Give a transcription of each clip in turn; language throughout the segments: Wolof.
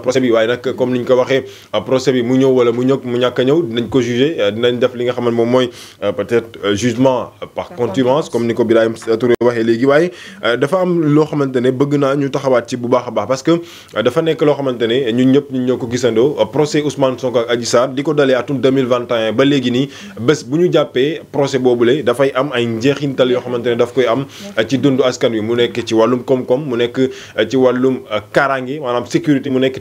procès bi waaye nag comme ni ñu ko waxee procès bi mu ñëw wala mu ñëw mu ñàkk a ñëw dinañ ko jugé dinañ def li nga xam moom mooy euh, peut-être euh, jugement par contumace comme ni ko Birahim Touré waxee léegi waaye euh, dafa am loo xamante ne bëgg naa ñu taxawaat ci bu baax a baax parce que dafa nekk loo xamante ne ñun ñëpp ñun ñoo ko gisandoo procès Ousmane Sonko ak Adji Sarr di ko dalee atum 2021 ba léegi nii bés bu ñu jàppee procès boobule dafay am ay njeexintal yoo xamante ne daf koy am ci dundu askan wi mu nekk ci wàllum koom-koom mu nekk ci wàllum kaaraange maanaam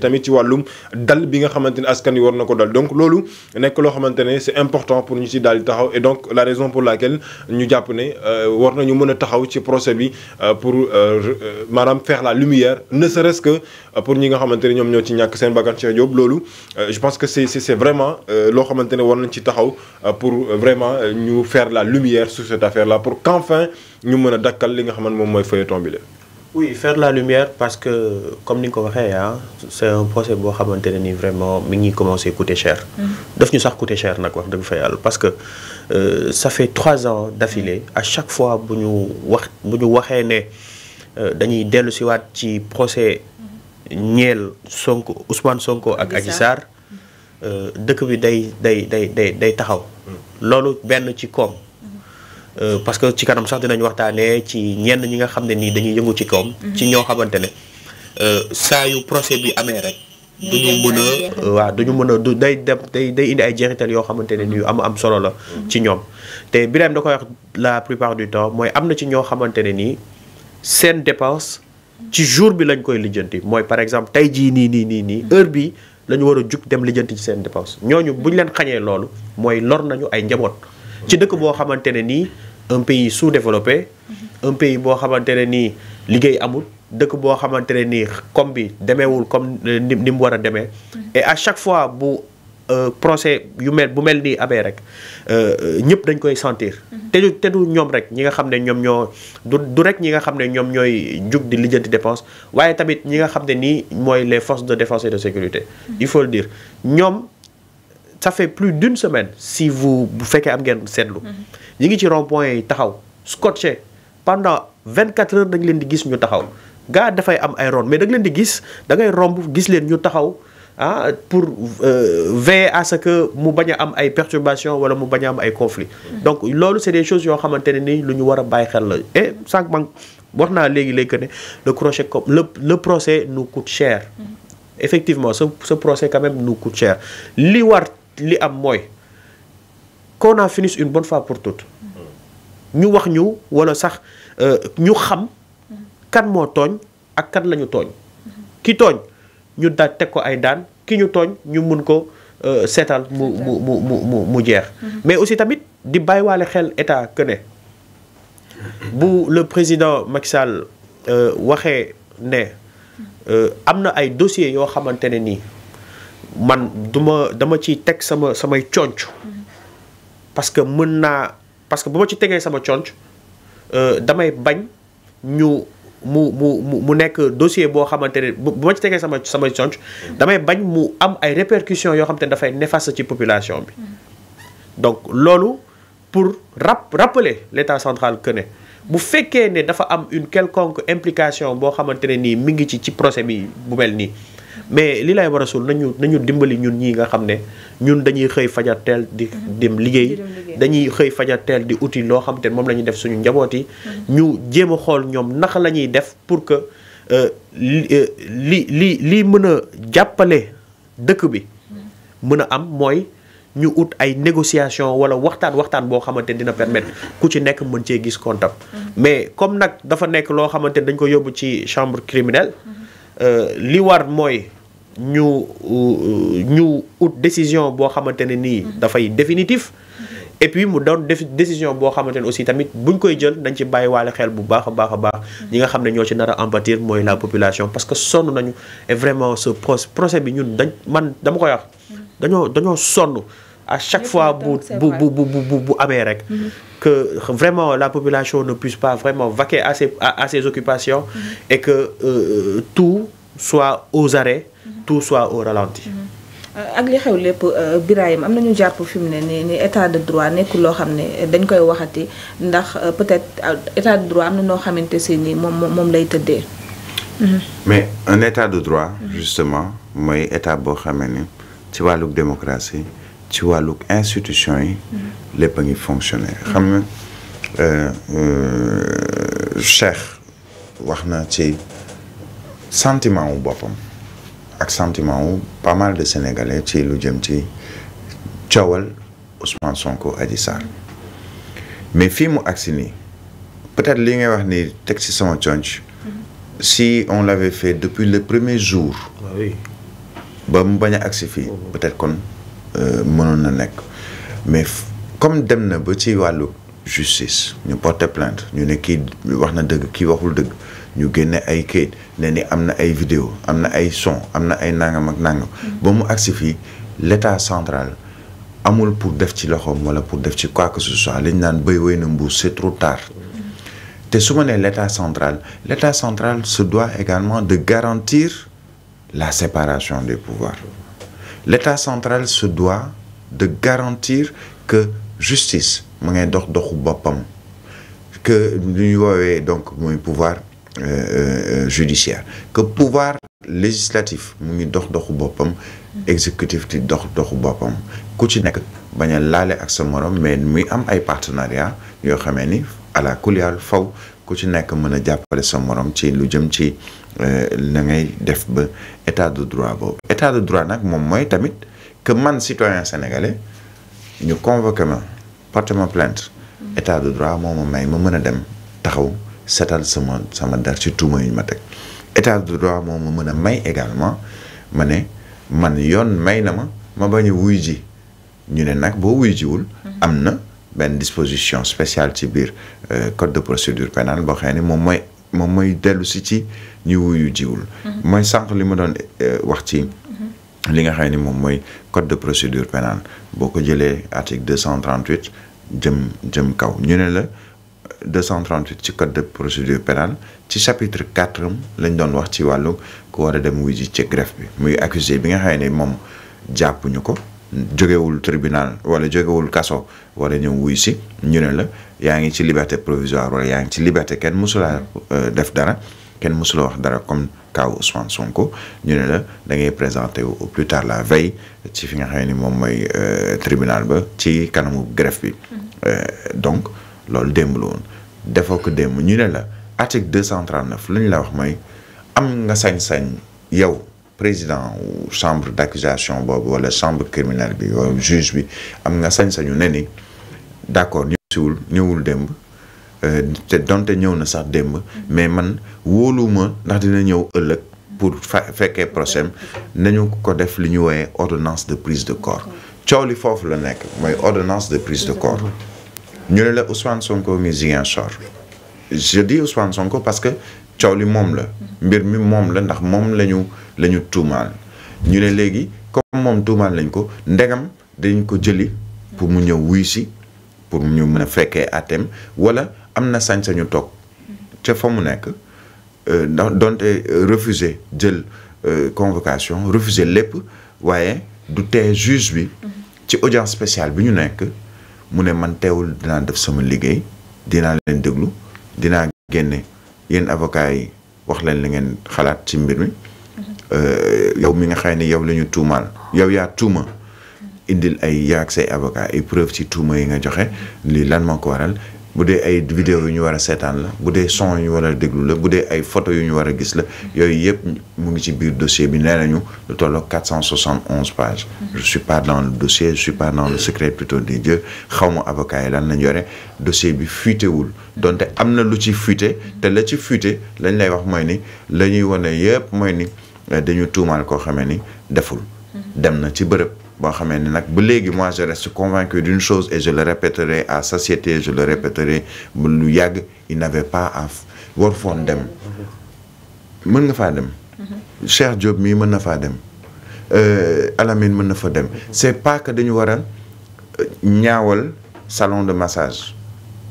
tamit ci wàllum dal bi nga xamante ne askan yi war na ko dal donc loolu nekk loo xamante ne c'est important pour ñu ci daal di taxaw et donc la raison pour laquelle ñu jàpp ne euh, war na ñu mën a taxaw ci procès bi euh, pour euh, maanaam feex la lumière ne serait-ce pour ñi nga xamante ni ñoom ñoo ci ñàkk seen bakkan Cheikh Diop loolu je pense que c'est vraiment loo xamante ne war nañ ci taxaw pour vraiment ñu feer la lumière sur cette affaire là pour qu'enfin ñu mën a li nga xamante moom mooy feuilleton bi oui faire la lumière parce que comme ni nga ko waxee ah c'est un procès boo xamante ne ni vraiment mi ngi commencé couté cher. Mm-hmm. daf ñu sax couté cher nag wax dëgg fa yàlla parce que euh, ça trois ans d'affilée mm-hmm. à chaque fois bu ñu wax bu ñu waxee ne euh, dañuy dellu siwaat ci procès mm-hmm. ñeel Sonko Ousmane Sonko ak Adji Sarr euh, dëkk bi day day day day day taxaw. loolu benn ci koom. Euh, parce que ci kanam sax dinañ waxtaanee ci ñenn ñi nga xam ne nii dañuy yëngu ci kawam. Mhm. ci ñoo xamante ne euh, saa yu procès bi amee rek. du ñu waaw du ñu mën a du day dem day day indi ay jeexital yoo xamante ne nii mhm. am am solo la. Mhm. ci ñoom te Birame da koy wax la plupart du temps mooy am na ci ñoo xamante ne nii seen dépense ci jour bi lañ koy lijjanti mooy par exemple tey jii nii nii nii nii heure bi lañu ñu war a jug dem lijjanti ci seen dépense ñooñu bu ñu leen xañee loolu mooy lor nañu ay njaboot. un pays sous-développé mhm. un pays boo xamante ne nii liggéey amul dëkk boo xamante ne nii comme bi demeewul comme ni ni mu war a demee mhm. à chaque fois bu euh, procès yu mel bu mel nii amee rek euh, euh, ñëpp dañ koy sentir mhm. te du te du ñoom rek ñi nga xam ne ñoom ñoo du du rek ñi nga xam ne ñoom ñooy jug di lijjanti dépense waaye tamit ñi nga xam ne nii mooy les forces de défense et de sécurité il faut le dire ñoom ça fait plus d'une semaine si vous bu fekkee am ngeen seetlu. Mhm. ñi ngi ci rond point yi taxaw scotché pendant 24 heures da nga leen di gis ñu taxaw gaa dafay am ay ron mais da nga leen di gis dangay romb gis leen ñu taxaw ah pour euh, veiller à ce que mu bañ a am ay perturbations wala mu bañ a am ay conflits. Mhm. donc loolu c'est des choses yoo xamante ne ni lu ñu war a bàyyi xel la et sànq man wax naa léegi léegi que ne le crochet comme le le procès nous coûte cher. Mhm. effectivement ce ce procès quand même nous war. li am mooy qu'on a fini une bonne fois pour tout ñu wax ñu walla sax euh, ñu xam kan moo tooñ ak kan lañu tooñ ki tooñ ñu daaj teg ko ay daan ki ñu tooñ ñu mun ko euh, seetal mu mu mu mu mu mu jeex mais aussi tamit di bàyyiwaale xel état que ne bu le président Macky euh, waxee ne am na ay dossiers yoo xamante ne nii man duma dama ciy teg sama samay conc parce que mën naa parce que bu ma ci tegee sama conc euh, damay bañ ñu mu mu mu mu nekk dossier boo xamante ne bu ma ci tegee sama samay conc damay bañ mu am ay répercussions yoo xam te ne dafay néfaste ci population bi donc loolu pour rap rappeler l'état central que bu fekkee ne dafa am une quelconque implication boo xamante ne nii mi ngi ci ci procès bi bu mel nii mais li lay war a suul nañu nañu dimbali ñun ñii nga xam ne ñun dañuy xëy fajar teel mhm. di dem liggéey dañuy xëy fajar teel di uti loo xam te moom la ñuy def suñu njaboot yi mhm. ñu jéem a xool ñoom naka lañuy def pour que euh, euh, li li li mën a jàppale dëkk bi mhm. mën a am mooy ñu ut ay négociation wala waxtaan waxtaan boo xamante dina permettre ku ci nekk mën cee gis comptable mais comme nag dafa nekk loo xamante dañ ko yóbbu ci chambre criminelle euh, li war mooy ñu euh, ñu ut décision boo xamante ne nii mhm. dafay définitif mhm. et puis mu doon def décision boo xamante ne aussi tamit buñ koy jël nañ ci bàyyiwaale waale xel bu baax a baax a baax mhm. ñi nga xam ne ñoo ci nar a empatir mooy la population parce que sonn nañu et vraiment ce procès bi ñun dañ man dama koy wax dañoo dañoo sonn a chaque fois bu bu bu bu bu bu amee rek que vraiment la population ne puisse pas vraiment vaquer à ses à ses occupations et que euh, euh, tout soit aux arrêts mhm. tout soit au ralenti. Mhm. Euh, ak li xew lépp euh, Birahim am nañu jàpp fi mu ne ni ni état de droit nekkul loo xam ne dañ koy waxati ndax euh, peut-être état de droit am na noo xamante si ni moom moom lay tëddee. Mhm. mais un état de droit. justement mooy état boo xamee ni ci wàlluk démocratie ci wàlluk institution yi. lépp a ngi fonctionner. xam na Cheikh wax na ci. sentiment wu boppam ak sentiment wu pas mal de sénégalais ci lu jëm ci coowal Ousmane Sonko Adji Sarr mais fii mu agsi nii peut-être li ngay wax ni teg ci sama conc si on l'avait fait depuis le premier jour ah ba mu bañ a agsi fii oh, oh. peut-être kon euh, mënoon na nekk mais comme dem na ba ci wàllu justice ñu porter plainte ñu ne kii wax na dëgg kii waxul dëgg ñu génne ay kayit ne ni am na ay vidéo am na ay son am na ay nangam ak nangam. Mm-hmm. ba mu agsi fii l'état central amul pour def ci loxoom wala pour def ci quoi que ce soit li ñu naan béy wéy na mbuur c'est trop tard. Mm-hmm. te su ma nee l'état central l'état central se doit également de garantir la séparation des pouvoirs l'état central se doit de garantir que justice mu ngay dox doxu boppam que lu ñu woowee donc mooy pouvoir Euh, euh, judiciaire que pouvoir législatif mu ngi dox doxu boppam exécutif di dox doxu boppam ku ci nekk bañ laale ak sa morom mais muy am ay partenariat yoo xamee ni àla kulial faw ku ci nekk mën a jàppale sa moroom ci lu jëm ci euh, la ngay def ba état de droit boobu état de droit nag moom mooy tamit que man citoyen sénégalais ñu convoqué ma porté ma état de droit moom ma may ma mën a dem taxaw setal sama sama dar ci tuuma yi ma teg état de droit moom ma mën a may également ma ne man yoon may na ma ma bañ a wuy ji ñu ne nag boo wuy jiwul mhm. am na benn disposition spéciale ci biir euh, code de procédure pénale boo xam ne moom mooy moom mooy dellu ci ñu wuyu jiwul mhm. mooy sànq li ma doon euh, wax ci mhm. li nga xam ne moom mooy code de procédure pénale boo ko jëlee article 238 jëm jëm kaw ñu ne la 238 ci code de procédure pénale ci chapitre 4 am lañ doon wax ci wàllu ku war a dem wuy ci greffe bi muy accusé bi nga xam ne moom jàppuñu ko jógewul tribunal wala jógewul kaso wala ñëw wuy si ñu ne la yaa ngi ci liberté provisoire wala yaa ngi ci liberté kenn mësula euh, def dara kenn mësula wax dara kom kaw Ousmane Sonko ñu ne la da ngay présenté au plus tard la veille ci fi nga xam ne moom mooy euh, tribunal ba ci kanamu gref bi mm-hmm. euh, donc loolu démb la woon ko démb ñu ne la article 239 lu ñu la wax mooy am nga sañ-sañ yow président chambre d'accusation boobu wala chambre criminelle bi wala juge bi am nga sañ-sañu ne ni d'accord ñëw siwul ñëwul démb euh, te donte ñëw na sax démb mais man wóoluwuma ndax dina ñëw ëllëg pour fa fekkee procès nañu ko def li ñu wooyee ordonnance de prise de corps coow li foofu la nekk mooy ordonnance de prise de corps ñu ne la Ousmane Sonko mi Ziguinchor je dis Ousmane Sonko parce que coow li moom la mbir mi moom la ndax moom la ñu la ñu tuumaal ñu ne léegi comme moom tuumaal lañ ko ndegam dañ ko jëli pour mu ñëw wuy si pour mu ñu mën a fekkee atem wala am na sañ-sañu toog ca fa mu nekk euh, ndax donte euh, refuser jël euh, convocation refuser lépp waaye du tee juge bi ci audience spéciale bi ñu nekk mu ne man teewul dinaa def sama liggéey dinaa leen déglu dinaa génne yéen avocat yi wax leen li ngeen xalaat ci mbir mi euh, yow mi nga xay ni yow lañu tuumaal yow yaa tuuma indil ay yaag say avocat ay preuve ci tuuma yi nga joxe lii lan moo ko waral bu dee ay vidéo yu ñu war seetaan la bu dee son yu ñu war a déglu la bu dee ay photo yu ñu war a gis la yooyu yëpp mu ngi ci biir dossier bi nee nañu lu tolloo quatre cent soixante onze pages mhm. je suis pas dans le dossier je suis pas dans le secret plutôt des dieux xawma avocat lan lañ yore dossier bi fuitewul donte am na lu ci fuite te la ci fuite lañ lay wax mooy ni la ñuy wane yëpp mooy ni dañu tuumaal koo xamee ni deful dem na ci bërëb boo xamee ne nag bu léegi moi je reste convaincu d'une chose et je le répéterai à satiété je le répéterai ba lu yàgg il n'avait pas à war foon dem mën nga faa dem Cheikh Diop mii mën na faa dem euh, Alamine mën na fa dem c'est pas que dañu war a euh, ñaawal salon de massage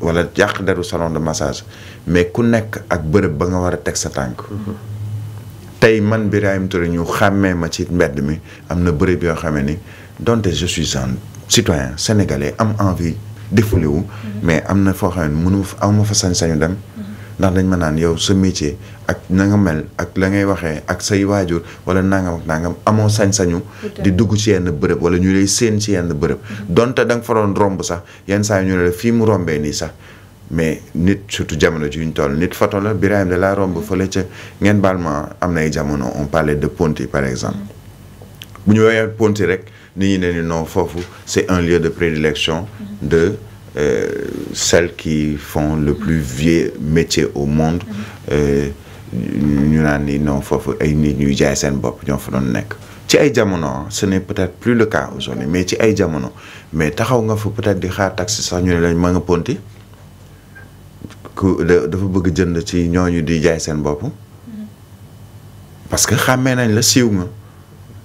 wala yàq deru salon de massage mais ku nekk ak bërëb ba nga war a teg sa tànk tey man Birahim Touré ñu xàmmee ma ci mbedd mi am na bërëb yoo xam ni donte je suis un citoyen sénégalais am envie defuliwu mhm. mais am na foo xam ne mënu ma fa sañ-sañu dem mhm. ndax dañ ma naan yow sa métier ak na nga mel ak la ngay waxee ak say waajur wala nangam ak nangam amoo sañ-sañu di dugg ci yenn bërëb wala ñu lay séen ci yenn bërëb mhm. donte da nga fa doon romb sax yenn saa ñu ne la fii mu rombee nii sax mais nit surtout jamono ji ñu toll nit photo la Birahim da laa romb fële ca ngeen baal am na ay jamono on parlait de Ponty par exemple ñu woowee Ponty rek nit ñi ne ni foofu c'est un lieu de prédilection de euh, celles qui font le plus vieux métier au euh, ñu naan ni non foofu ay nit ñuy jaay seen bopp ñoo fa nekk ci ay jamono ce n'est peut-être plus le cas aujourd'hui mais ci ay jamono mais taxaw nga fa peut-être di xaar taxi sax ñu ne lañ ma nga Ponty ku dafa bëgg jënd ci ñooñu di jaay seen bopp parce que xàmmee nañ la siiw ma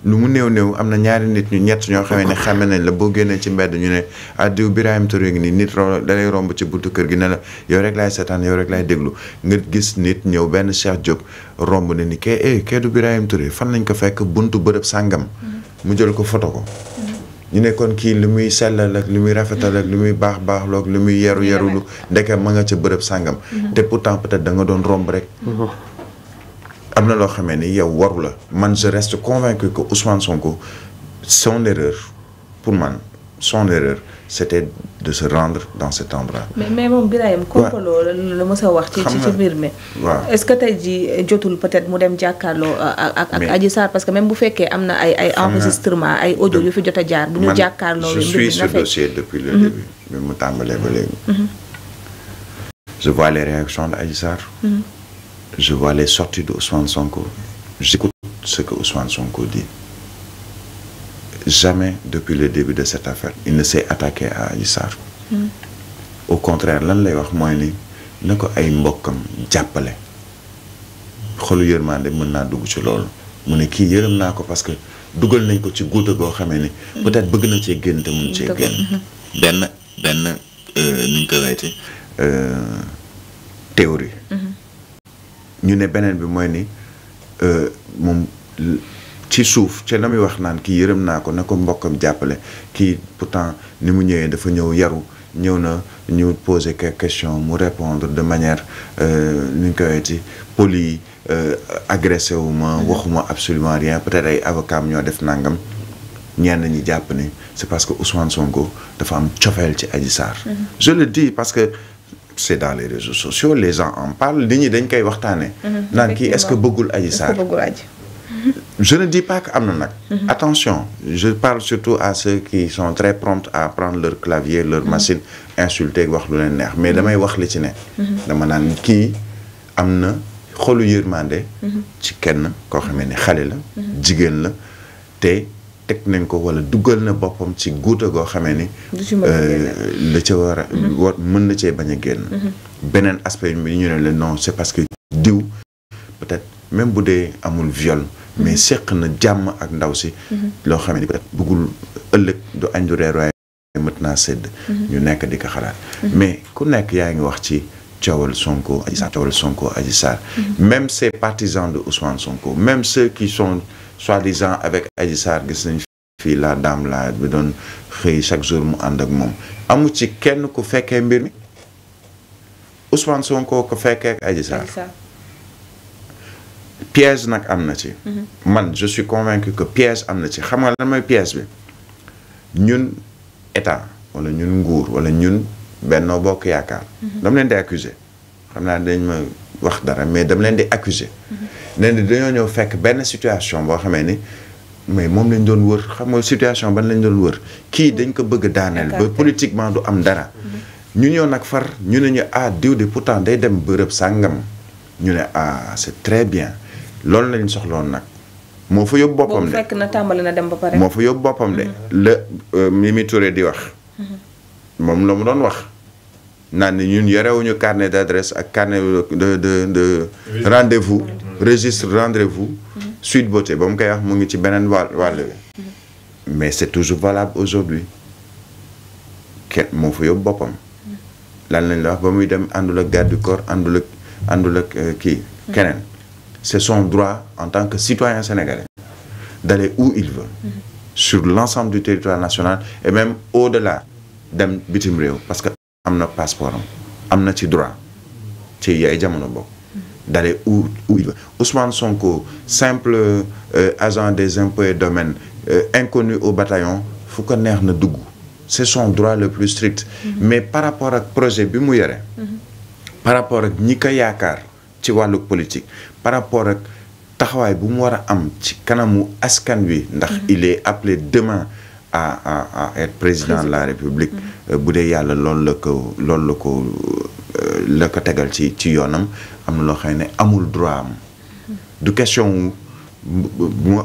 lu mu néew néew am na ñaari nit ñu ñett ñoo xamee ne xàmmee nañ la boo génnee ci mbedd ñu ne addiw ah, Birahim Touré ngi nii nit danay romb ci buntu kër gi ne la yow rek laay seetaan yow rek laay déglu nga gis nit ñëw benn Cheikh Diop romb ne ni kee eh kee du Birahim Touré fan lañ ko fekk buntu bërëb sàngam mm-hmm. mu jël ko foto ko ñu nekkoon kii li muy sellal ak lu muy rafetal ak lu muy baax baaxloo ak lu muy yaru yerulu ndeke ma nga ca bërëb sàngam mhm. te pourtant peut-être danga doon romb rek mhm. am na loo xamee ni yow warula la man je reste convaincu que Ousmane Sonko son erreur pour man son erreur c'était de se rendre dans cet endroit. mais mais moom Birahim. complot la mës a wax. ci ci mbir mi. waaw est que tey jii jotul peut-être mu dem jàkkaarloo euh, ak ak Adji parce que même bu fekkee am na ay ay ay audio yu fi jot a jaar. bu ñu jàkkaarloo mbir mi na fekk je suis dossier depuis le mhm. début. mu tàmbalee ba léegi. Mhm. je vois les de Adji mhm. je vois les sorties de Ousmane Sonko. j'écoute ce que Ousmane Sonko dit. jamais depuis le début de cette affaire il ne s'est attaqué à Adji Sarr hmm. au contraire lan lay wax mooy ni na ko ay mbokkam jàppale xolu yërmande mën naa dugg ci loolu mu ne kii yërëm naa ko parce que dugal nañ ko ci guuta goo xamee ni hmm. peut-être bëgg na cee génn te mun cee hmm. benn benn euh, nuñ euh, ñu ne beneen bi mooy ni euh, moom ci suuf ca la muy wax naan kii yërëm naa ko na ko mbokkam jàppale kii pourtant ni mu ñëwee dafa ñëw yaru ñëw na ñu poser question mu répondre de manière euh, nu ñu koy weeti poli euh, agressé wu ma mhm. waxuma absolument rien peut-être ay avocat am ñoo def nangam ñenn ñi jàpp ni c'est parce que Ousmane Sonko dafa am cofeel ci Adji Sarr mhm. je le dis parce que c'est dans les réseaux sociaux les gens en parlent nit ñi dañ koy waxtaane mhm. naan kii est-ce que bëggul Adji Sarr je ne dis pas que am na nag. attention je parle surtout à ceux qui sont très prompts à prendre leur clavier leur machine insulter wax lu leen neex mais damay wax li ci ne. dama naan kii am na xolu yërmande. ci kenn koo xamee ne xale la. jigéen la te teg nañ ko wala duggal na boppam ci guuta goo xamee ni. Euh, la ca war a. Mhm. war mën na cee bañ a génn. Mhm. beneen aspect bi ñu ne la non c'est parce que diw peut-être bu dee amul viol. mais seq na jàmm ak ndaw si. Mm-hmm. loo xam ne bëggul ëllëg du añ du reer waaye mët naa sedd. Mm-hmm. ñu nekk di ko xalaat. Mm-hmm. mais ku nekk yaa ngi wax ci coowal Sonko Adji Sarr Sonko Adji Sarr. même ces partisans de Ousmane Sonko même ceux qui sont soi-disant avec Adji Sarr gis nañ fii la dame la bi doon xëy chaque jour mu ànd ak moom amu ci kenn ku fekkee mbir mi Ousmane Sonko ko fekkee ak Adji piège nag am na ci. Mhm. man je suis convaincu que piège am na ci xam nga lan mooy piège bi ñun état wala ñun nguur wala ñun Benno Bokk Yaakaar. Mhm. dama leen di accuser xam naa dañ ma wax dara mais dama leen di accuser mhm. nee ni dañoo ñëw fekk benn situation boo xamee ni mais moom lañ doon wër xam nga situation ban lañ doon wër kii dañ ko bëgg daaneel. ba politiquement du am dara. ñu ñëw nag far ñu ne ñu ah diw de pourtant day dem bërëb sàngam ñu ne ah c'est très bien. loolu lañ soxloon nag moo fa yóbbu boppam de na tàmbali na dem ba pare moo fa yóbbu boppam de mm-hmm. la euh, Mimi Touré di wax mm-hmm. moom la mu doon wax naan ni ñun yorewuñu carnet d'adresse ak carnet de de de rendez-vous registre rendez-vous mm-hmm. suite beauté ba mu koy wax mu ngi ci beneen wàll wàll mais c'est toujours valable aujourd'hui kenn moo fa yóbbu boppam lan lañ la wax ba muy dem àndul ak garde du àndul ak àndul ak euh, kii keneen c'est son droit en tant que citoyen sénégalais dale où il veut mm-hmm. sur l'ensemble du territoire national et même au-delà dem bitim réew parce que am na passeport am na ci droit ci yaay jamono bokk mm-hmm. d'aller où où il veut Ousmane Sonko simple euh, agent des impôts et domaines euh, inconnu au bataillon fu ko neex na dugg c'est son droit le plus strict mm-hmm. mais par rapport ak projet bi mu yore par rapport ak ñi yaakaar ci wàllu politique par rapport ak taxawaay bu mu war a am ci kanamu askan wi ndax mhm. il est demain à à à président de la république mhm. euh, bu dee yàlla loolu la ko loolu la ko euh, la ko tegal ci ci yoonam am na loo xam ne amul droit am mhm. du question wu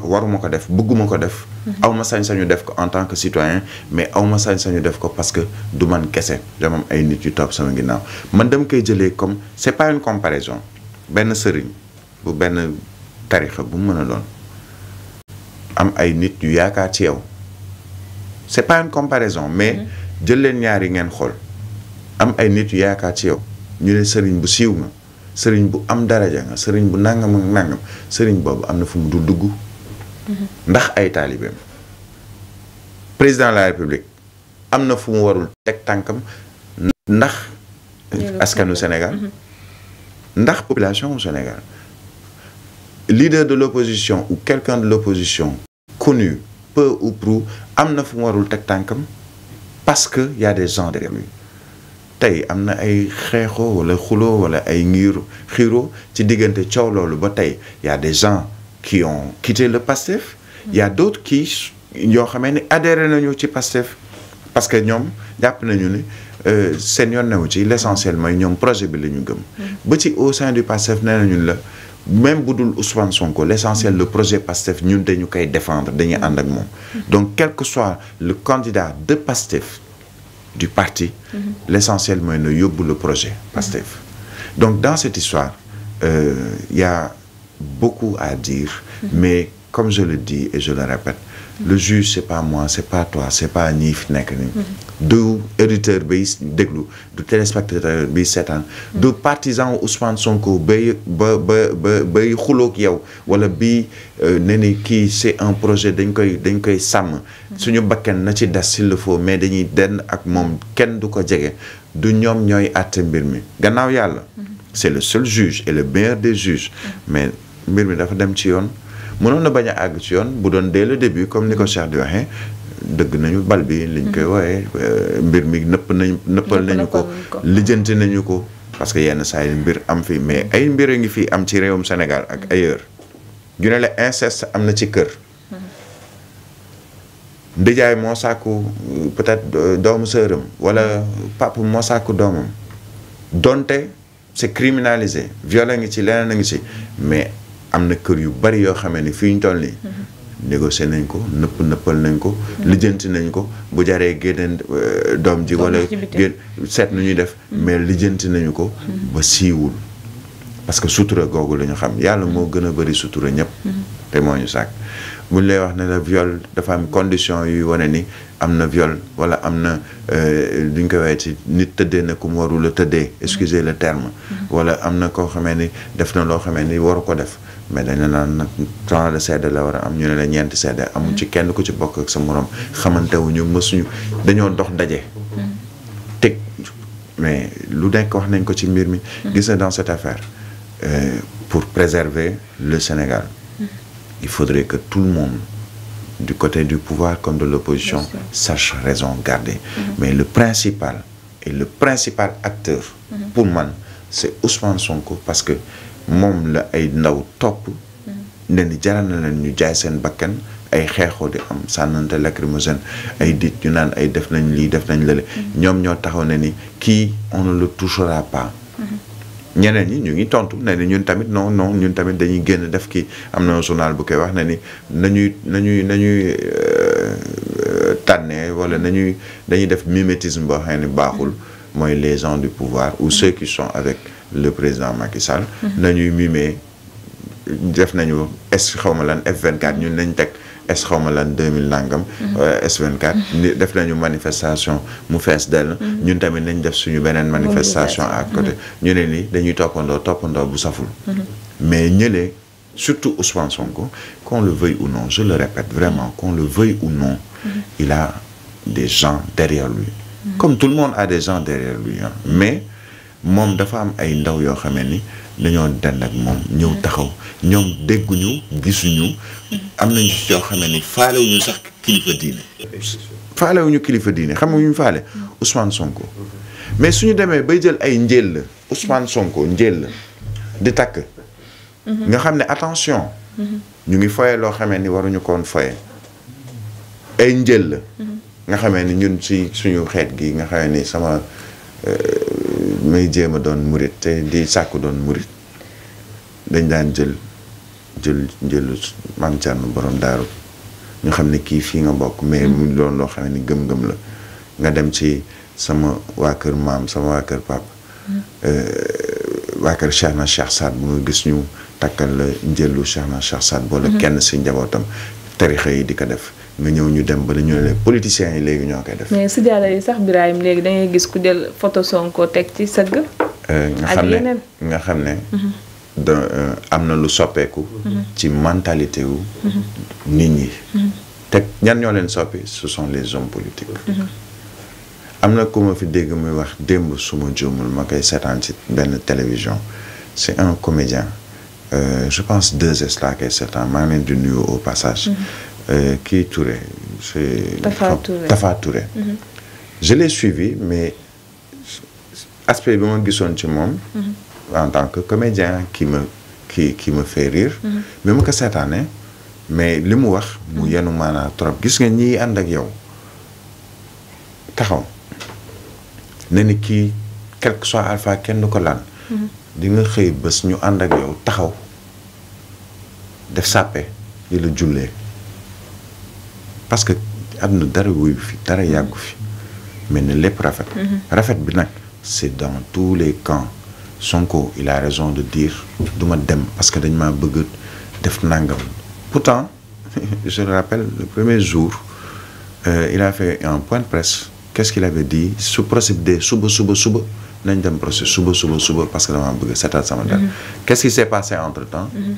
waruma ko def bëgguma ko def aw ma sañ-sañu def ko en tant que citoyen mais aw ma sañ-sañu def ko parce que du man kese dama am ay nit yu toog sama ginnaaw man dama koy jëlee comme c'est pas une comparaison benn sëriñ bu benn tarixa bu mu mën a doon am ay nit yu yaakaar ci yow c'est pas une comparaison mais mm-hmm. jël leen ñaar yi ngeen xool am ay nit yu yaakaar ci yow ñu ne sëriñ bu siiw nga sëriñ bu am daraja nga sëriñ bu nàngam ak nangam sëriñ boobu am na fu mu dul dugg mm-hmm. ndax ay taalibeem président la république am na fu mu warul teg tànkam ndax askanu Sénégal mm-hmm. ndax population Sénégal leader de l'opposition ou quelqu'un de l'opposition connu peu ou prou am na fu mu warul teg tànkam parce que y des gens derrière lui tey am na ay xeexoo wala xuloo wala ay ngiru xiiroo ci diggante coow loolu ba tey y des gens qui ont quitté le PASTEF mm-hmm. y a d'autres qui ñoo xamee ni adhéré nañu ci PASTEF parce que ñoom jàpp nañu ni euh, seen yoon newu ci l'essentiel mooy ñoom projet bi la ñu gëm mm-hmm. ba ci au sein du PASTEF nee nañu la même bu dul Ousmane Sonko l' essentiel le projet PASTEF ñun dañu koy défendre dañuy ànd ak moom. donc quel que soit le candidat de PASTEF du parti. Mhm. l' essentiel mooy na yóbbu le projet PASTEF. Mhm. donc dans cette histoire euh, ya a beaucoup à dire. Mhm. mais comme je le dis et je le répète. le juge c'est pas moi c'est pas toi c'est pas ñi fi nekk nii. Mm-hmm. du auditeur bay déglu du téléspectateur bi seetaan. Mm-hmm. du partisan Ousmane Sonko bay ba ba ba bay xuloog yow wala bi euh, ne ni kii c'est un projet dañ koy dañ koy sàmm. Mm-hmm. suñu bakken na ci des s'il le faut mais dañuy denn ak moom kenn du ko jege du ñoom ñooy àtte mbir mi gannaaw yàlla. c'est le seul juge et le meilleur des juges. mais mbir mi dafa dem ci yoon. mënoon na bañ a àgg ci yoon bu doon dès le début comme ni ko Cheikh di waxee dëgg nañu bal bi liñ koy mm-hmm. wooyee euh, mbir mi nëpp nañ nëppal nañu ko lijjanti nañu ko parce que yenn saa yi mbir am fii mais ay mbir a ngi fii am ci réewum Sénégal ak mm-hmm. ailleurs ñu ne la inceste am na ci kër mm-hmm. ndijaay moo sàkku euh, peut-être euh, doomu sëram walla papa moo sàkku doomam donte c'est criminalisé violé ngi ci leneen a ngi ci mais am na kër yu bari yoo xamee ni fii ñu toll nii. négocier nañ ko nëpp nëppal nañ ko. lijjanti nañ ko bu jaree génneen euh, doom ji wala génn seet nu ñu def. Mm-hmm. mais lijjanti nañu ko. Mm-hmm. ba siiwul parce que sutura googu la xam yàlla moo gën a bari sutura ñëpp. Mm-hmm. te moo ñu sàkk buñ lay wax ne la viol dafa am condition yuy wane ni am na viol wala am na duñ euh, ko waxee ci nit tëddee na ku mu warul a tëddee excusez le terme. wala am na koo xamee ni def na loo xamee ni waru ko def. mais dañ la naan nag temps de seede la war a am ñu ne la ñeenti seede amul ci kenn ku ci bokk ak sa morom xamante wuñu mësuñu dañoo dox daje. Mm. teg mais lu nekk wax nañ ko ci mbir mi. Mm. gis na dans cette affaire euh, pour préserver le Sénégal. Mm. il faudrait que tout le monde du côté du pouvoir comme de l'opposition sache raison garder. mais le principal et le principal acteur. pour man c'est Ousmane Sonko parce que. moom la ay ndaw topp mm-hmm. ne ni jaral na leen ñu jaay seen bakken ay xeexoo di am sànnante lacrymogène ay dit ñu naan ay def nañ lii def nañ lële mm-hmm. ñoom ñoo taxaw ne ni kii on ne le touchera pas mm-hmm. ñeneen ñi ñu ngi tontu ne ni ñun tamit non non ñun tamit dañuy génn def kii am na journal bu koy wax ne ni nañuy nañuy nañuy euh, tànnee wala nañuy dañuy def mimétisme boo xam ne baaxul mooy les gens du pouvoir ou ceux qui sont avec le président Macky Sall. nañuy mimé def nañu S xaw ma lan F24 ñun lañ teg S xaw ma lan 2000 nangam. Euh, S24. def nañu manifestation mu fees dell. ñun tamit nañ def suñu beneen manifestation ak côté. ñu ne nii dañuy toppandoo toppandoo bu saful. mais ñële surtout Ousmane Sonko qu'on le veuille ou non je le répète vraiment qu'on le veuille ou non. il a des gens derrière lui. comme tout le monde a des gens derrière lui mais. moom dafa am ay ndaw yoo xamee ni dañoo dend ak moom ñëw mm-hmm. taxaw ñoom dégguñu gisuñu mm-hmm. am nañu si yoo xamee ni faalewuñu sax kilifa diine faalewuñu kilifa diine xam nga ñu faale mm-hmm. Ousmane Sonko mais suñu demee bay jël ay njël la Ousmane Sonko njël la di takk nga xam ne attention ñu ngi foye loo xamee ni waruñu koon foye ay njël la nga xamee ni ñun si suñu xeet gi nga xamee ni sama euh, may jéem a doon murit te di sàkku doon murit dañ daan jël jël jëlu maam Thierno borom daaru ñu xam ne kii fii nga bokk mais mm. mu doon loo xam ne gëm-gëm la nga dem ci sama waa kër maam sama waa kër papa mm. euh, waa kër Cheikh na Cheikh Saad bu nga gis ñu takkal la jëlu Cheikh na Cheikh Saad boole mm-hmm. kenn si njabootam tarixa yi di ko def nga ñëw ñu dem ba dañu ne léegi yi léegi ñoo koy def. mais si jaara yi sax Birahim léegi da ngay gis ku jël photo Sonko teg ci sëgg. Euh, nga xam ne nga xam ne. da euh, am na lu soppeeku. Mhm. ci mentalité mhm. nit ñi. Mhm. teg ñan ñoo leen soppi ce sont les hommes politiques. am na ko ma fi dégg muy wax démb suma juumul ma koy seetaan ci benn télévision c'est un comédien euh, je pense 2S laa koy seetaan maa ngi leen di nuyu au passage. kii euh, Touré. Tafa Touré Tafa mhm. Touré. je suivi mais aspect bi ma gisoon ci moom. Mhm. en tant que comédien qui me qui ma me fait rire. bi mhm. ma ko seetaanee mais li mu wax. mu yenu maanaa trop gis nga ñiy ànd ak yow taxaw na ni kii quel que soit alpha kenn du ko lan di nga xëy bés ñu ànd ak yow taxaw def sàppe di la jullee. parce que àdduna dara wuyu fi dara yàggu fi mais ne lépp rafet. Mhm. rafet bi nag c'est dans tous les camps Sonko il a raison de dire du ma dem parce que dañ ma bëgg def nangam pourtant je le rappelle le premier jour euh, il a fait un point de presse qu'est-ce qu'il avait dit su procédé suba suba suba nañ dem procès suba suba suba parce que damaa bëgg seetaat sama dara. Mhm. qu'est-ce qui s'est passé entre temps. Mhm.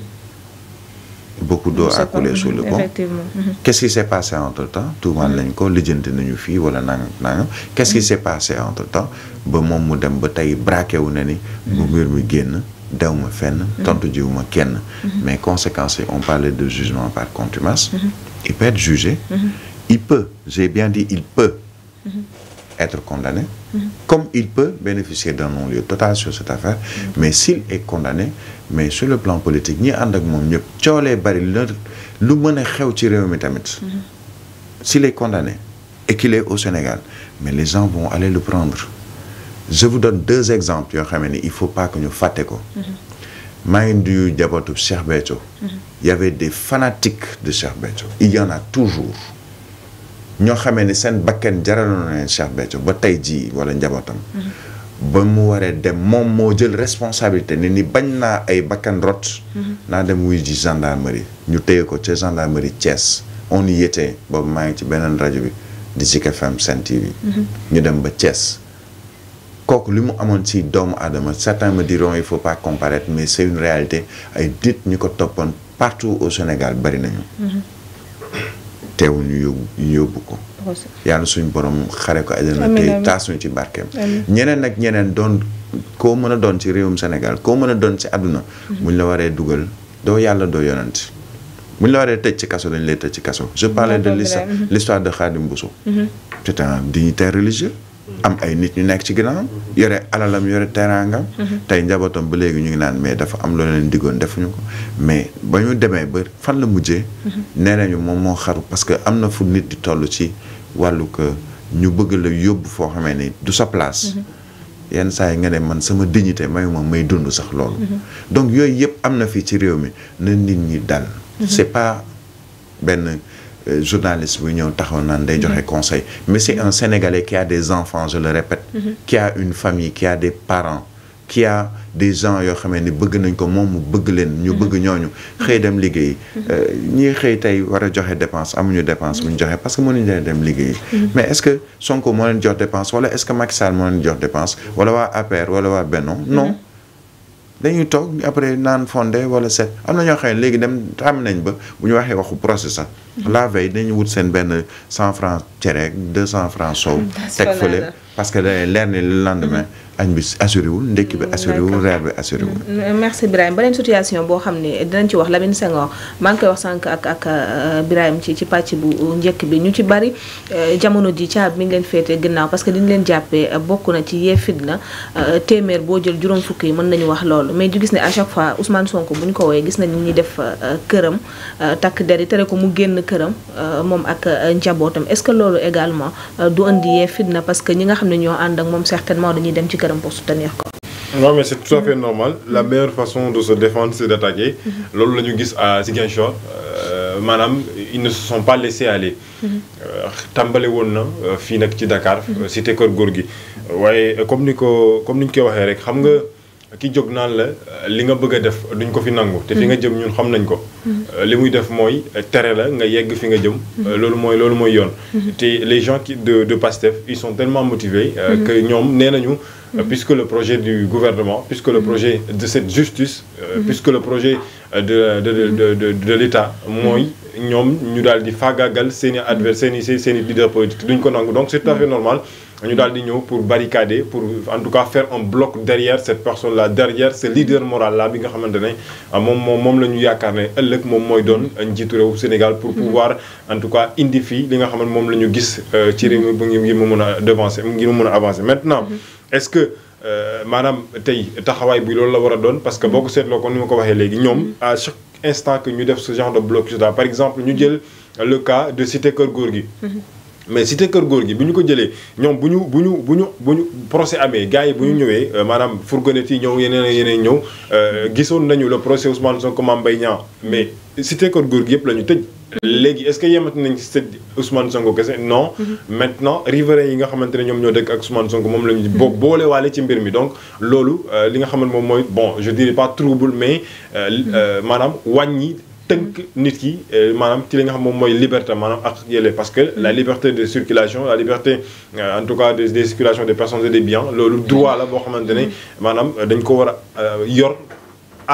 beaucoup d'eau a coulé sous le pont effectivement quest entre temps tuumaan lañ ko lijjanti nañu fii wala nangam nangam qu'est-ce qui entre temps ba moom mu dem ba tey braqué wu na ni bu mbir mi génn dew ma fenn mhm. tontu jiwu ma kenn mhm. mais conséquences yi on parlait de jugement par contumace mhm. il peut être jugé il peut bien dit il peut être condamné, mmh. comme il peut bénéficier d'un non-lieu total sur cette affaire. Mmh. Mais s'il est condamné, mais sur le plan politique ñi ànd ak moom ñëpp bari la lu mën a xew ci réew mi tamit. s'il est condamné et qu'il est au Sénégal mais les gens vont aller le prendre. je vous donne deux exemples yoo xam ne il faut pas que ñu fàtte ko. maa ngi nuyu njabootu Cheikh il y avait des fanatiques de Cheikh il y en a toujours. ñoo xamee ni seen bakken jaraloon na leen Cheikh Béthio ba tey jii wala njabootam. Mhm. ba mu waree dem moom moo jël responsabilité ni ni bañ naa ay bakkan rot. Mhm. naa dem wuy ji gendarmerie ñu téye ko ca gendarmerie Thiès on y était boobu maa ngi ci beneen rajo bi di Zik FM Sen TV. Mhm. ñu dem ba Thiès. kooku li mu amoon si doomu aadama certains me diront il faut pas comparaître mais c'est réalité ay dit ñu ko toppoon partout au Sénégal bari nañu. teewul ñu yóbbu ko. yàlla suñu borom xare ko àjjana tey taasuñu ci barkeem. ñeneen ak ñeneen doon koo mën a doon ci réewum senegal koo mën a doon ci àdduna. Mm-hmm. buñ la waree dugal doo yàlla doo yonent buñ la waree tëj ci kaso dañ lay tëj ci kaso. je parlais de mm-hmm. l'histoire de Khadim Bousso. Mm-hmm. c'est un dignitaire religieux. am ay nit ñu nekk ci ginnaawam. yore alalam yore teraangam. Mm-hmm. tey njabootam ba léegi ñu ngi naan mais dafa am loo leen diggoon defuñu ko mais ba ñu demee ba fan la mujjee. Mm-hmm. nee nañu moom moo xaru parce que am na fu nit di tollu ci wàllu que ñu bëgg la yóbbu foo xamee ni du sa place. Mm-hmm. yenn saa yi nga ne man sama dignité moom may dund sax loolu. donc yooyu yëpp am na fii ci réew mi na nit ñi dal. c'est pas benn. Euh, journaliste bu ñëw taxaw naan day joxe mm-hmm. conseil mais c'est un Sénégalais qui a des enfants je le répète mm-hmm. qui a une famille qui a des parents qui a des gens yoo xamee ni bëgg nañ ko moom mu bëgg leen ñu bëgg mm-hmm. ñooñu xëy dem liggéey euh, ñii xëy tey war a joxe dépense amuñu dépense mu ñu joxe parce que mënuñu leen dem liggéey mais est-ce que Sonko moo leen jox dépense wala est-ce que Macky Sall moo leen jox dépense wala waa APR wala waa Benno non dañuy toog après naan fondé wala set am na ñoo léegi dem xam nañ ba bu ñu waxee waxu processa sax mhm. la veille dañu wut seen benn cent francs cere deux cent france soow teg fële parce que day leer ni le lendemain mhm. añ bi assuré wul ndekki bi assuré wul bi assuré mm, mm, merci Birahim beneen situation boo xam ne dinañ ci wax Lamine Senghor maa ngi koy wax sànq ak ak euh, Birahim ci ci pàcc bu njëkk bi ñu ci bari euh, jamono ji caab mi ngi leen féetee ginnaaw parce que li leen jàppee euh, bokk na ci yee fitna téeméer boo jël juróom fukk yi mën nañu wax loolu mais ju gis ne à chaque fois Ousmane Sonko bu ñu ko woowee gis nañ ñuy def këram takk der yi tere ko mu génn këram moom ak njabootam est-ce que loolu également du indi yee fitna parce que ne ñoo moom certainement dañuy dem ci kër yaram pour soutenir ko. non mais c'est tout à fait normal la meilleure façon de se défendre c'est mm-hmm. loolu la ñu gis à Ziguinchor euh, maanaam ils ne se sont pas mm-hmm. euh, tàmbale woon na euh, fii nag ci Dakar. Mm-hmm. cité Kër Góor gi waaye comme ni ko comme ni ñu koy waxee rek xam nga. ki jóg naan la li nga bëgg a def duñ ko fi nangu. te fi nga jëm ñun xam nañ ko. Mm-hmm. li muy def mooy tere la nga yegg fi nga jëm. Mm-hmm. loolu mooy loolu mooy yoon. Mm-hmm. te les gens qui de de PASTEF ils sont tellement motivés. Euh, que ñoom nee nañu. puisque le projet du gouvernement puisque le projet de cette justice. Euh, puisque le projet euh, de de de de de l'État mooy. ñoom ñu daal di faagaagal seen i adversaires seen seen i leader politique duñ ko nangu donc c'est tout à fait normal. ñu daal di ñëw pour barricader pour en tout cas faire un bloc derrière cette personne là derrière ce leader moral là bi nga xamante ne ah, moom moom moom la ñu yaakaar ne ëllëg moom mooy doon njiitu réew Sénégal pour pouvoir en tout cas indi fii li nga xam ne moom la ñu gis euh, ci réew mi bu ngir mu mën a avancer ngir mu mën a avancer maintenant mm-hmm. est-ce que euh, maanaam tey taxawaay bi loolu la war a doon parce que boo ko mm-hmm. seetloo ko ni ma ko waxee léegi ñoom mm-hmm. à chaque instant que ñu def ce genre de blocus là par exemple ñu jël le cas de Cité Keur Gorgui mais cité kër góor gi bu ñu ko jëlee ñoom bu ñu bu ñu bu ñu bu ñu procès amee gars yi bu ñu ñëwee euh, maanaam fourgonnette yi ñëw yeneen yeneen ñëw euh, gisoon nañu la procès Ousmane Sonko Mame Mbaye Niang mais cité kër góor gi yëpp la ñu tëj léegi est-ce que yemati nañ ci sëñ Ousmane Sonko kese non. Mm-hmm. maintenant riverains yi nga xamante ne ñoom ñoo dëkk ak Ousmane Sonko moom la ñu. boo boolewaale ci mbir mi donc loolu euh, li nga xamante moom mooy bon je dirais pas trouble mais mm-hmm. maanaam wàññi. tënk nit ki euh, maanaam ci li nga xam moom mooy liberté maanaam ak yële parce que la mm. liberté de circulation la liberté euh, en tout cas des circulations des personnes et des biens loolu droit la boo xamante ne mm. maanaam dañ ko war a euh, yor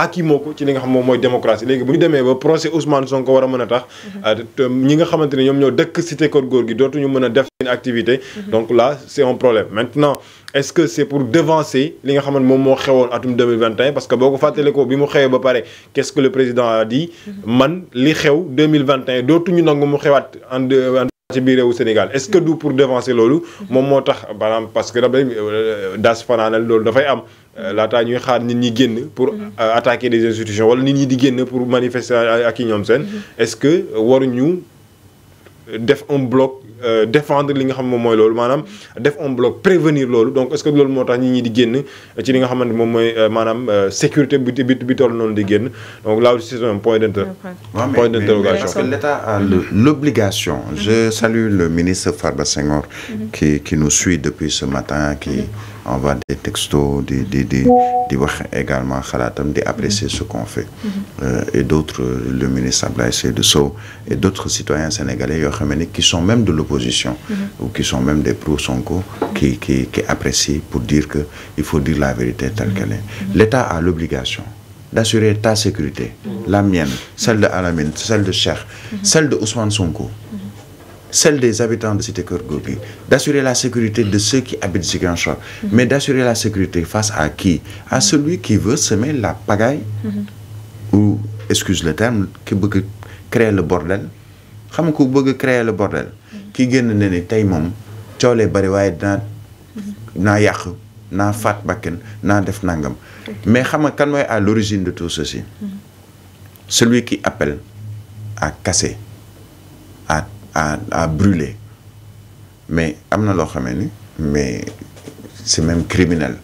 aakimoo ko ci li nga xam moom mooy démocratie léegi bu ñu demee ba procès Ousmane Sonko war a mën a tax mhm. euh, ñi nga xamante ne ñoom ñoo dëkk cité Keur Gorgui dootuñu mën a def seen activité mhm. donc là c'est un problème maintenant est-ce que c'est pour devancer li nga xamante moom moo xewoon atum 2021 parce que boo ko fàttalee ko bi mu xewee ba pare qu'est-ce que le président a dit mhm. man li xew 2021 dootuñu nangu mu xewaat en ci biir réewu Sénégal est-ce que pour devancer loolu moom moo tax maanaam parce que dafa euh, euh, loolu dafay am Euh, laata ñuy xaar nit ñi génn pour mhm. euh, attaquer des institutions wala nit ñi di génn pour manifester ak yi ñoom seen est-ce que war ñu def un bloc euh, défendre li nga xam moom mooy loolu maanaam def un bloc prévenir loolu donc est-ce que loolu moo tax nit ñi di génn ci li nga xamante moom mooy maanaam sécurité bi bi bi toll noonu di génn donc là aussi c'est un point d'inter a l'obligation je mhm. salue le ministre Farba Senghor mhm. qui qui nous suit depuis ce matin qui envoie des textos di di di di wax également xalaatam di apprécier ce qu'on fait mm-hmm. euh, et d'autres le ministre Abdoulaye Seydou Sow et d'autres citoyens sénégalais yoo xam ne qui sont même de l'opposition mm-hmm. ou qui sont même des pro Sonko qui apprécient pour dire que il faut dire la vérité telle mm-hmm. qu'elle est l'État a l'obligation d'assurer ta sécurité la mienne celle de Alamine celle de Cheikh Sonko celle des habitants de Cité Keur Gorgui d'assurer la sécurité de ceux qui habitent Ziguinchor mhm. mais d'assurer la sécurité face à qui à mhm. celui qui veut semer la pagaille mhm. ou excuse le terme ki bëgg créer le bordel xam nga ku bëgg créer le bordel ki génn ne ni tey moom coolee bari waaye dinaa naa yàq naa faat bakken naa def nangam mais xam nga kan mooy à l'origine de tout ceci celui qui appelle à casser à à brûler mais am na loo xame ni mais c'est même criminel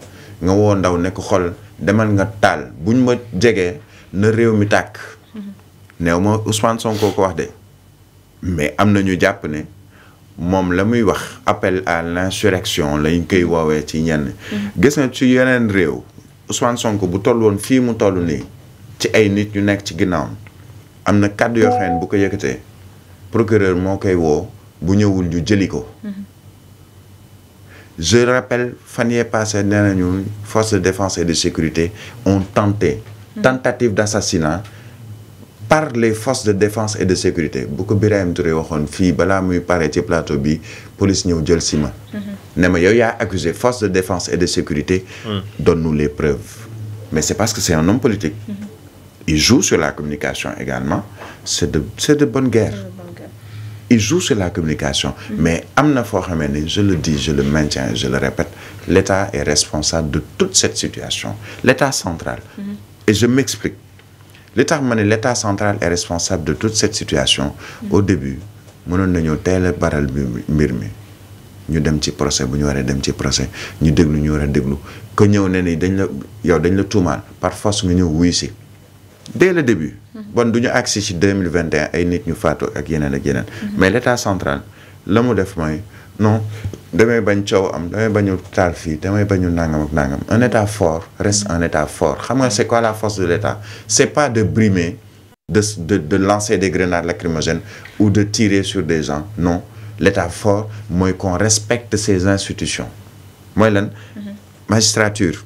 nga woo ndaw ne ko xol demal nga taal buñ ma jegee na réew mi tàkk mm-hmm. néew ma Ousmane Sonko ko wax de mais am na ñu jàpp ne moom la muy wax appel à l'insurrection lañ koy woowee ci ñenn. Mm-hmm. gis na ci yeneen réew Ousmane Sonko bu toll woon fii mu toll nii ci ay nit ñu nekk ci ginnaawam am na kàddu yoo xam ne bu ko yëkkatee. procureur moo koy woo bu ñëwul ñu jëli ko. Mhm. je rappelle fan yee passé nee nañu force de défense et de sécurité on tenté. Mhm. tentative d' assassinat par les forces de défence et de sécurité bu ko Birahim Touré waxoon fii balaa muy pare ci plateau bi police ñëw jël si ma. Mhm. ne ma yow yaa accusé force de défense et de sécurité. donne-nous les preuves. mais c' parce que c' est un homme politique. il joue sur la communication également c' est de c' est de bonne guerre. il joue sur la communication. Mm-hmm. mais am na foo xamee ni je le dis je le maintiens et je le répète l'État est responsable de toute cette situation l'État central. Mm-hmm. et je m'explique l'État ma ne l'État central est responsable de toute cette situation. Mm-hmm. au début mënoon nañoo teel a baral mbir mi. ñu dem ci procès bu ñu waree dem ci procès ñu déglu ñu war a déglu ko ñëw ne ni dañ la yow dañ la tuumaal par force nga ñëw wuy dès le début. bon du ñu agsi ci deux mille vingt et un ay nit ñu faatu ak yeneen ak yeneen. Mhm. mais l' état central la mu def mooy non damay bañ coow am damay bañu taal fii damay bañu nangam ak nangam un état fort reste un état fort xam nga c' est quoi la force de l' état c' pas de brimer de de de lancer des grenades lacrymogènes ou de tirer sur des gens non l' état fort mooy qu'on respecte ses institutions mooy lan. Mhm. magistrature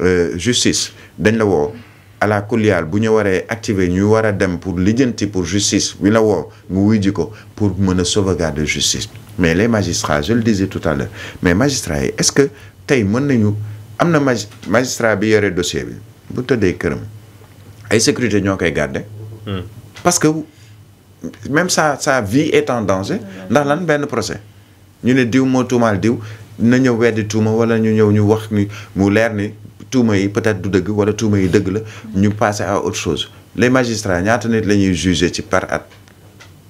euh, justice dañ la woo. ala kulliyaal bu ñu waree activer ñu war a dem pour lijjanti pour justice bi la woo nga wuy ko pour mën a sauvegarder justice mais les magistrats je le disais tout à l'heure mais magistrats yi est-ce que tey mën nañu am na magi magistrat bi yore dossier bi bu tëddee këram ay sécurité ñoo koy garder. Hmm. parce que même sa sa vie et en danger. ndax lan benn procès ñu ne diw moo tuumaal diw na ñëw weddi tuuma wala ñu ñëw ñu wax ni mu leer ni tuuma yi peut-être du dëgg wala tuuma yi dëgg la ñu passé à autre chose les magistrats ñaata nit la ñuy jugé ci par at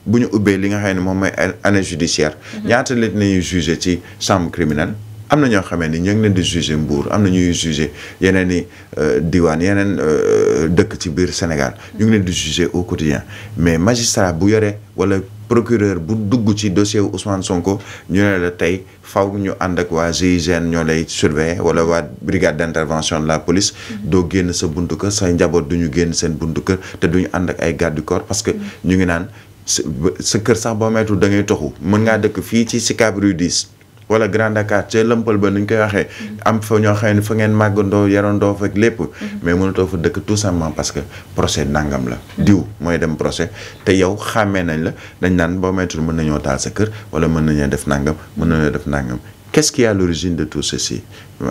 bu ñu ubbee li nga xam ne moom mooy année judiciaire mm-hmm. ñaata nit la ñuy jugé ci chambre criminelle am na ñoo xamee ni ñu ngi leen di jugé Mbour am na ñuy jugé yeneen i euh, diwaan yeneen euh, dëkk ci biir Sénégal ñu ngi leen di jugé au quotidien mais magistrat bu yore wala procureur bu dugg ci dossier wu Ousmane Sonko ñu ne la tey faw ñu ànd ak waa GIGN ñoo lay surveiller wala waa brigade d'intervention de la police mm-hmm. doo génn sa buntu kër sa njaboot du ñu génn seen buntu kër te duñu ànd ak ay garde parce que mm-hmm. ñu ngi naan sa kër sax boo moytuwul da ngay toxu mën ngaa dëkk fii ci Sicap Rue 10 wala Grand Dakar ca lëmpal ba ñu koy waxee mm-hmm. am fa ñoo xam ne fa ngeen màggandoo yarandoo fa lépp mm-hmm. mais mënatoo fa dëkk tout simplement parce que procès nangam la diw mooy dem procès te yow xàmmee nañ la dañ naan boo moytul mën nañoo taal sa kër wala mën nañoo def nangam mën nañoo def ndàngam qu'est-ce qui est à l'origine de tout ceci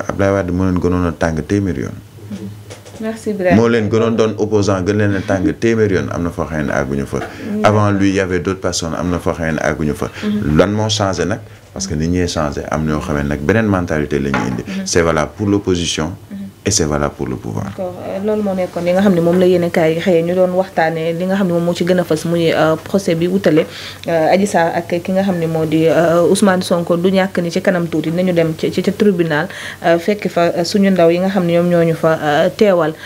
Abdoulaye Wade moo leen gënoon tàng téeméer yoon mm-hmm. moo leen gënoon doon opposant gën leen a tàng téeméer yoon am na foo xam ne àgguñu fa avant lui y avait d'autres personnes am na foo xam ne àgguñu fa lan moo changé nag parce que li ñuy changé am ñoo xam ne nag beneen mentalité la indi. Mhm. c' est pour l' opposition. Mhm. et c' est pour le pouvoir. Euh, loolu moo nekkoon li nga xam ne moom la yéen kaay yi xëy ñu doon waxtaanee li nga xam ne moom moo ci gën a fas muy euh, procès bi wutale euh, Adji ak ki nga xam ne moo di Ousmane Sonko du ñàkk ni ci kanam tuuti nañu dem ci ca tribunal fekk fa suñu ndaw yi nga xam ne ñoom ñoo ñu fa teewal.